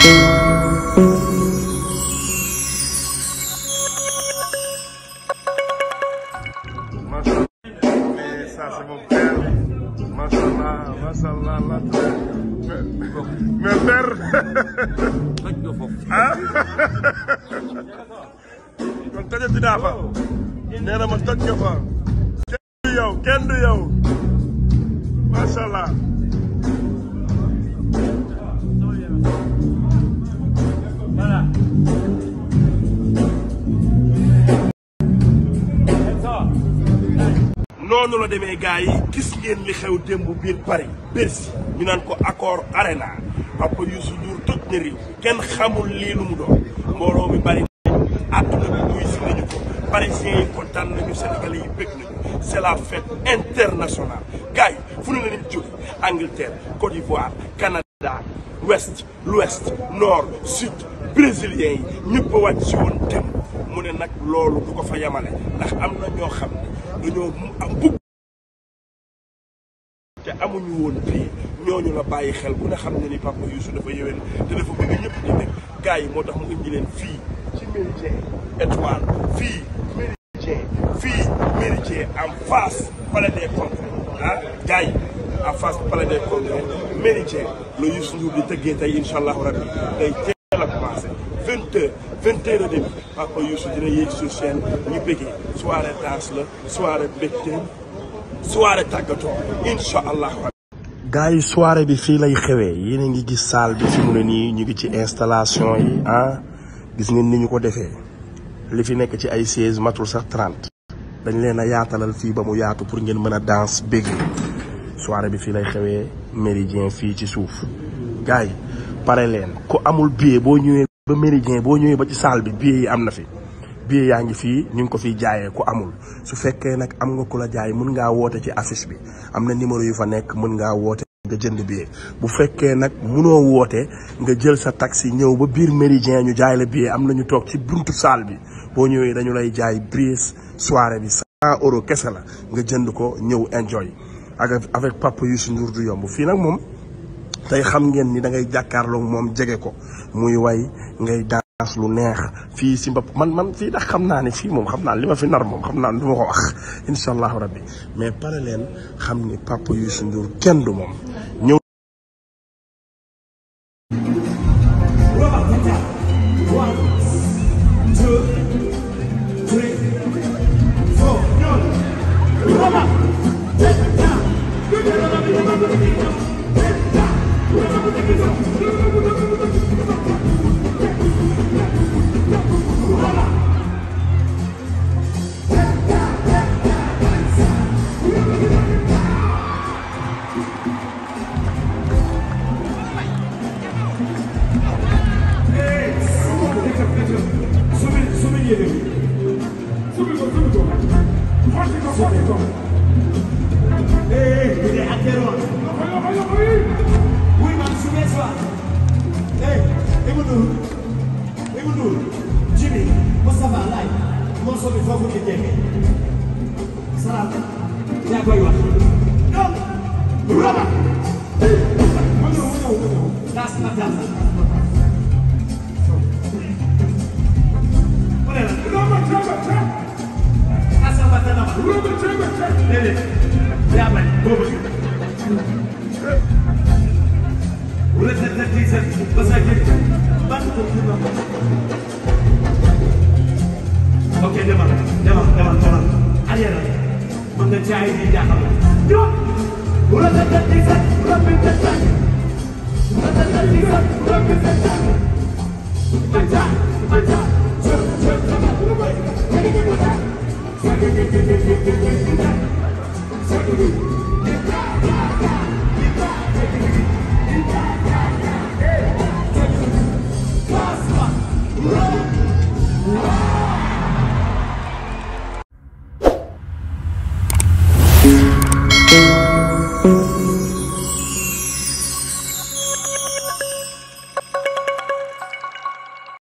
kon tojati naa fa nee na ma toj nga fa noonu la demee gars yi gis ngeen li xew démb biir Paris Bercy ñu naan ko accord arena Papa Youssou Ndour toj na réew kenn xamul lii lu mu doon mbooloo mi bari àdduna bi muy si nañu ko parisiens yi kontaan nañu sénégalais yi bëgg nañu c'est la fête internationale gars yi fu ne la nit jóge Angleterre Côte d'Ivoire Canada ouest l'ouest nord sud brésilien yi ñëpp a wàcc woon dem mu ne nag loolu du ko fa yamale ndax am na ñoo xam ne dañoo am bugg amuñu woon tey ñooñu la bàyyi xel bu ne xam ne ni Papa Youssou dafa yéwén te dafa bëgg ñëpp di nekk gars yi moo tax mu indi leen fii ci Méridien étoile fii Méridien fii Méridien en face palais des congrès ah gars yi en face palais des congrès Méridien la Youssou Ndour di tëggee tey incha allahu rabbi day teel a commencé vingt heures vingt heures et demie Papa Youssou dina yéeg sur ñu bëggee soirée danse la soirée mbégte soirée tàggatoo yi soirée bi fii lay xewee yéen a ngi gis salle bi fi mu ne nii ñu ngi ci installation yi ah gis ngeen ni ñu ko defee li fi nekk ci ay seize matul sax trente. dañ leen a yaatalal fii ba mu yaatu pour ngeen mën a danse bég soirée bi fii lay xewee méridien fii ci suuf gars yi pare leen ku amul billet boo ñëwee ba méridien boo ñëwee ba ci salle bi billet yi am na fi. billet yaa ngi fii ñu ngi ko fiy jaayee ku amul su fekkee nag am nga ku la jaay mën nga woote ci affiche bi am na numéro yu fa nekk mën ngaa woote nga jënd billet bu fekkee nag munoo woote nga jël sa taxi ñëw ba biir méridien ñu jaay la billet am na ñu toog ci buntu salle bi boo ñëwee dañu lay jaay billet soirée bi cent euros kese la nga jënd ko ñëw enjoy ak avec Pape Youssou Ndour du yomb fii nag moom tey xam ngeen ni da ngay jàkkaarloog moom jege ko muy way ngay as lu neex fii si mbopp man man fii ndax xam naa ne fii moom xam naa li ma fi nar moom xam naa ne du ko wax incha allahu rabbi mais pare leen xam ni papa Youssou Ndour kenn du moom morso bi foofu la jeexee salaat yaa koy wax donc raba ma ñëw ma ñëw ma ñëw daa sama daal la mu ne la raba raba asaba dana ma raba raba déedéet yaa bañ boobu ولدت نتيجة مساجد بنت الخطاب leen ci ay di jaaxal jóg bu la tëddal di set rabbi sa tànk bu la tëddal di set rabbi sa tànk aca aca Thank you. thank you